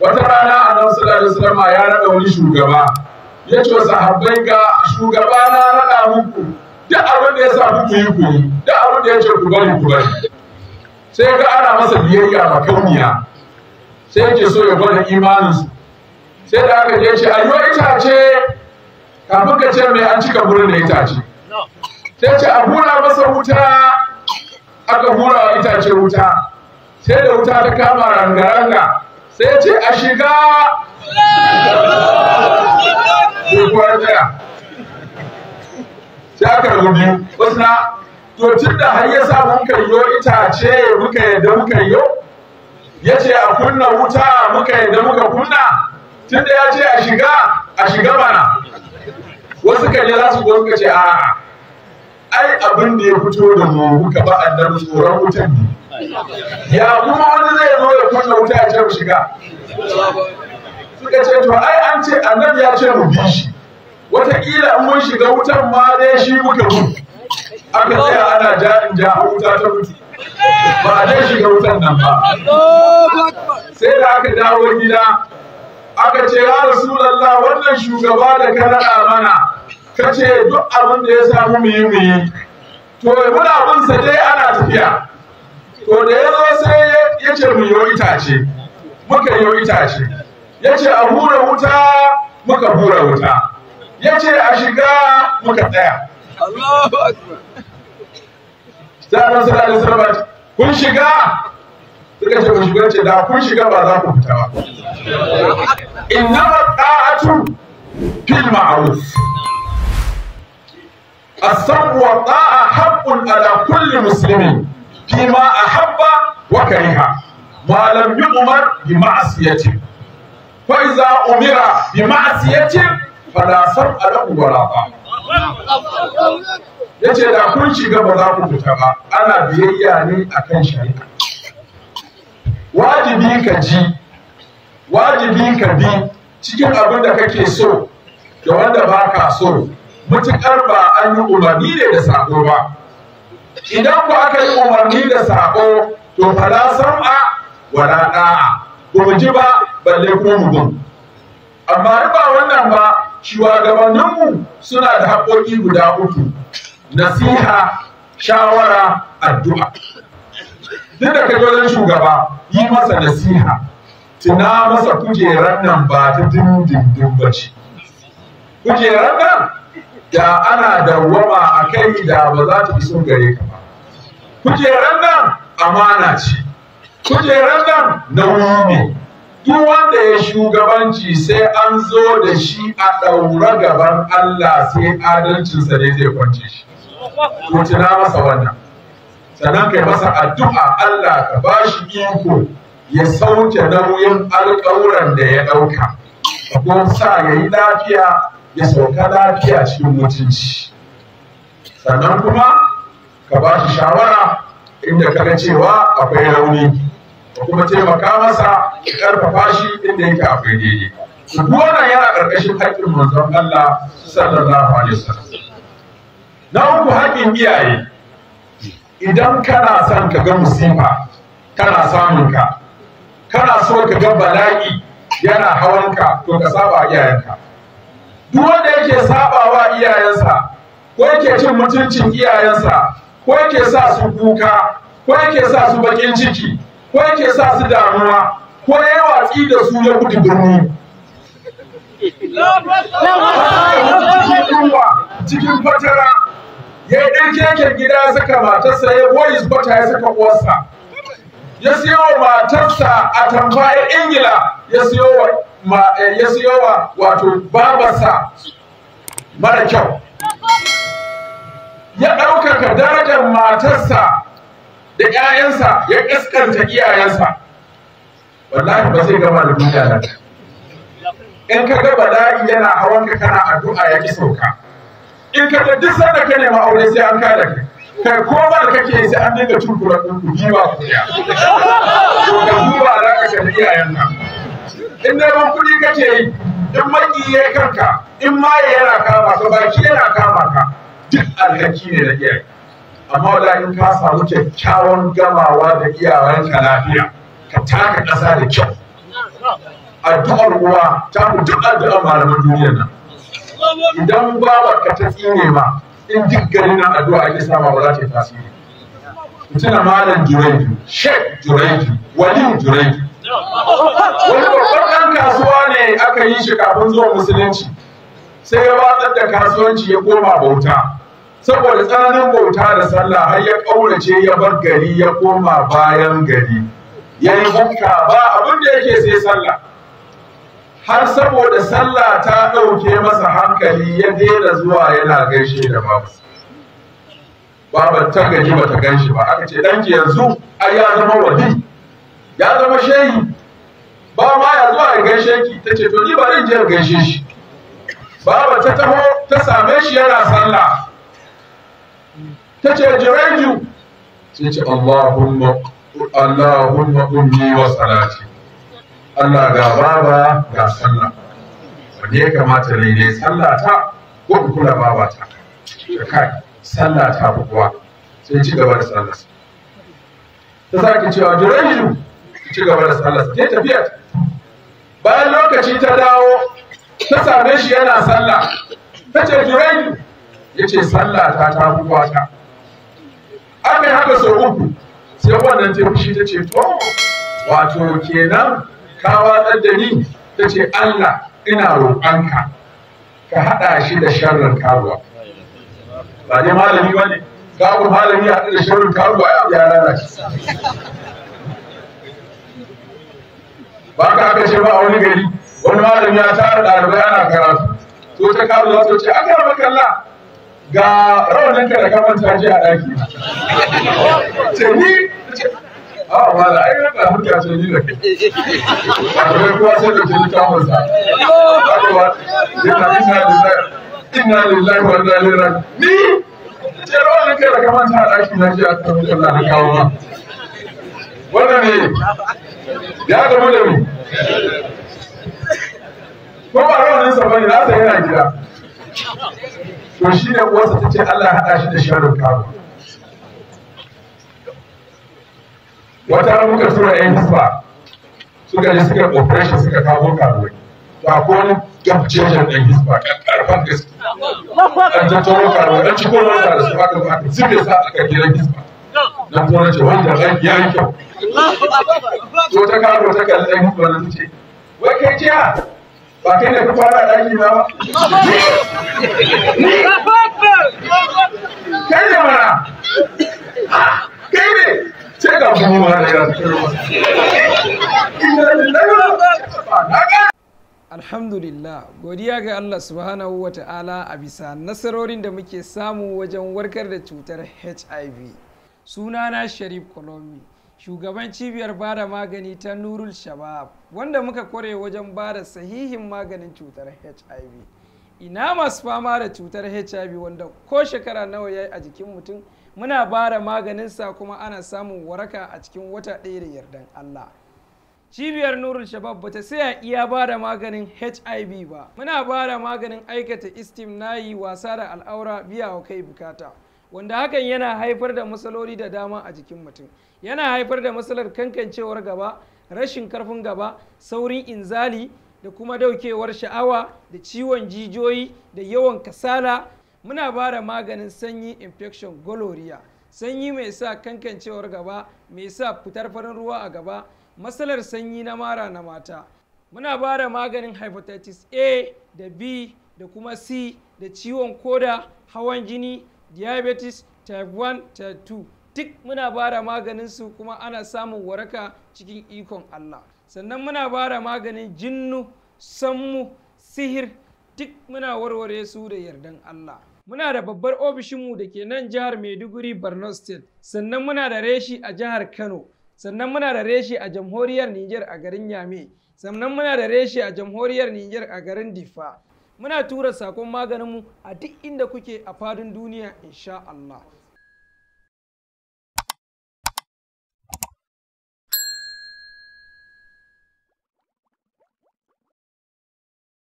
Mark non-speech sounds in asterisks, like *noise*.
wata rana a nan sallallahu alaihi wasallam ya naɗa wani shugaba ya ce wasu sahabbai ga shugaba na rada muku duk abin da ya sa muku yi ku yi duk abin da ya ce ku bari ku bari sai ga ana masa biyayya ma kauniya sai ke so ya gwada imaninsu sai da aka je ce ayyo itace kafin ka ce mai an cika burin da itace sai ce a hura masa wuta aka hura wa itace wuta sai da wuta ta kama rangaranga sai ce a shiga kuwar daya sai aka rabu biyu wasu na to tun da har ya sa muka yi yo itace muka yadda muka yo ya ce a kunna wuta muka yadda muka kunna tun da ya ce a shiga a shiga mana wasu kan yi za su zo ce a'a ai abin da ya fito da mu ka ba annabi tsoron wutan ne ya kuma wani zai zo ya kunna wuta ya ce mu shiga suka ce to ai an ce annabi ya ce mu bi shi wataƙila an mun shiga wutan ma dai shi muka mu aka tsaya ana jarin ja wuta ta mutu ba dai shiga wutan nan ba sai da aka dawo gida aka ce ya rasulallah wannan shugaba da ka naɗa mana ka ce duk abin da ya samu mu yi mu yi to muna bin sa dai ana tafiya to da ya zo sai ya ce mu yi itace muka yi itace ya ce a hura wuta muka hura wuta ya ce a shiga muka tsaya Allahu Akbar Sallallahu alaihi wasallam kun shiga suka ce kun shiga ce da kun shiga ba za ku fita ba *laughs* Inna ta'atu fil ma'ruf الصبر والطاعة حق على كل مسلم فيما أحب وكره ما لم يؤمر بمعصية فإذا أمر بمعصية فلا سمع له ولا طاعة yace da kun shiga ba za ku fita ba ana biyayya ne a kan shari'a wajibi ka ji wajibi ka bi cikin abin da kake so da wanda ba ka so matuƙar ba an yi umarni ne da saƙo ba idan ku aka yi umarni da saƙo to fala sam'a wala da'a ku ji ba balle ko mugun amma ba wannan ba shugabanninmu suna da haƙoƙi guda uku nasiha shawara addu'a duk da ka wajen shugaba yi masa nasiha tuna masa kujerar nan ba ta dindindin ba ce kujerar nan da ana dawwama a kai da ba za ta iso gare ka ba kujerar nan amana ce kujerar nan nauyi ne duk wanda ya shugabanci sai an zo da shi a ɗaura gaban Allah sai adalcinsa ne zai kwance shi ko tuna masa wannan sannan kai masa addu'a Allah ka ba shi iko ya sauke nauyin alƙawuran da ya ɗauka ko sa ya yi lafiya ya sauka lafiya cikin mutunci sannan kuma ka ba shi shawara inda ka ga cewa akwai rauni ka kuma taimaka masa ka karfafa shi inda yake akwai daidai wannan yana ƙarƙashin haƙƙin manzon Allah sallallahu alaihi wasallam na uku haƙƙin iyaye idan kana son ka ga musifa na samun ka kana so ka ga bala'i yana hawanka to ka saba iyayenka duk wanda yake sabawa iyayensa ko yake cin mutuncin iyayensa ko yake sa su kuka ko yake sa su bakin ciki ko yake sa su damuwa ko ya watsi da su ya gudu birni cikin fatara ya yi ɗan keken gida ya saka matarsa ya boyi bata ya saka uwarsa ya siyo matarsa a tamfa ingila ya siyo wa Eh, ya siyo wa wato babarsa mara kyau ya ɗaukaka darajar matarsa da ‘ya'yansa ya ƙaskanta iyayensa wallahi ba zai gama da duniya nan in ka ga bala'i yana hawan ka kana addu'a ya ki sauka in ka ga duk sanda ka nema aure sai an kada ka kai ko ba da kake sai an dinga cin kuɗin ku jiwa ku ya ka duba alaƙa da iyayen nan in neman kuɗi kake yi in maki ya kanka in ma yana kama ka baki yana kama ka duk alhaki ne na iyaye amma wala in ka samu kyakkyawan gamawa da iyayenka lafiya ka taka ƙasa da kyau addu'ar uwa ta mu duk addu'ar malaman duniyar nan idan babar ka ta tsine ma in duk gani na addu'a ake sama wala ce tasiri tuna malam juraiju shek juraiju walin juraiju aka yi shi kafin zuwa musulunci sai ya watsar da kasuwanci ya koma bauta saboda tsananin bauta da sallah har ya ƙaurace ya bar gari ya koma bayan gari ya yi hukka ba abin da yake sai sallah har saboda sallah ta ɗauke masa hankali ya daina zuwa yana gaishe da babu babu ta gaji ba ta ganshi ba aka ce ɗanki yanzu ai ya zama wali ya zama shehi ba ma ya zuwa ya gaishe ki ta ce to ni ba zan je gaishe shi baba ta taho ta same shi yana sallah ta ce jiraiju sai ce Allahumma Allahumma ummi wa salati Allah ga baba ga sallah wanda ya kamata ne ne sallah ta ko kula baba ta kai sallah ta buwa sai ci gaba da sallah ta sake cewa jiraiju ci gaba da sallah sai tafiya bayan lokaci ta dawo ta same shi yana sallah ta ce juraidu ya ce sallah ta ta buwata aka yi haka sau uku sai wannan ta fushi ta ce to wato kenan ka watsar da ta ce allah ina roƙonka ka haɗa shi da sharrin karuwa ba ne malami ba ne gabin malami haɗu da sharrin karuwa ya lalace ba ka aka ce ba a wani gari wani malami ya tara ɗalibai ana karatu to ta kawo za ta ce a maka makalla ga rawanin ka da kamar ta je a ɗaki ce ni a ba da ai ba hujja ce ni da kai akwai kuwa sai da ke littafin sa ta, yana bisa da zai inna lillahi wa inna ilaihi raji'un ni ce rawanin ka da kamar ta ɗaki na je a kamar ka kawo ba wannan ne ya gama da mu ko ba rawanin sa bane na sai yana gida to shi ne uwarsa ta ce Allah ya haɗa shi da sharrin kawo wata muka tura ayi hisba suka ji suka operation suka kawo karuwai to akwai wani gabcejin ɗan hisba ƙarfan gaske an tattaro karuwai an ci kowane da su ka zo aka zube sa aka gidan hisba na zo na ce wanda zaki ya yi kyau to ta karo ta kalli ɗan hudu wani ce wai kai jiya ba kai da ka fara ɗaki na ba kai ne mana kai ne sai ga kuma ma da yara Alhamdulillah, godiya ga Allah subhanahu wa ta'ala a bisa nasarorin da muke samu wajen warkar da cutar HIV. sunana sharif kolomi shugaban cibiyar bada magani ta nurul shabab wanda muka kware wajen bada sahihin maganin cutar hiv ina masu fama da cutar hiv wanda ko shekara nawa ya yi a jikin mutum muna bada sa kuma ana samun waraka a cikin wata ɗaya da yardan allah cibiyar nurul shabab bata saya iya ba da maganin hiv ba muna ba maganin aikata istim nayi wasa da al'aura biya wa kai bukata wanda hakan yana haifar da matsaloli da dama a jikin mutum yana haifar da matsalar kankancewar gaba rashin karfin gaba saurin inzali da kuma daukewar sha'awa da ciwon jijiyoyi da yawan kasala muna ba da maganin sanyi infection gonorrhea sanyi mai sa kankancewar gaba mai sa fitar farin ruwa a gaba matsalar sanyi na mara na mata muna ba da maganin hepatitis a da b da kuma c da ciwon koda hawan jini diabetes type 1 type 2 duk muna bara maganin su kuma ana samun waraka cikin ikon Allah sannan muna bara maganin jinnu sammu sihir duk muna warware su da yardan Allah muna da babbar ofishinmu da ke nan jihar Maiduguri Borno State sannan muna da reshi a jihar Kano sannan muna da reshi a jamhuriyar Niger a garin Yame sannan muna da reshi a jamhuriyar Niger a garin Difa muna tura sakon maganinmu a duk inda kuke a fadin duniya insha Allah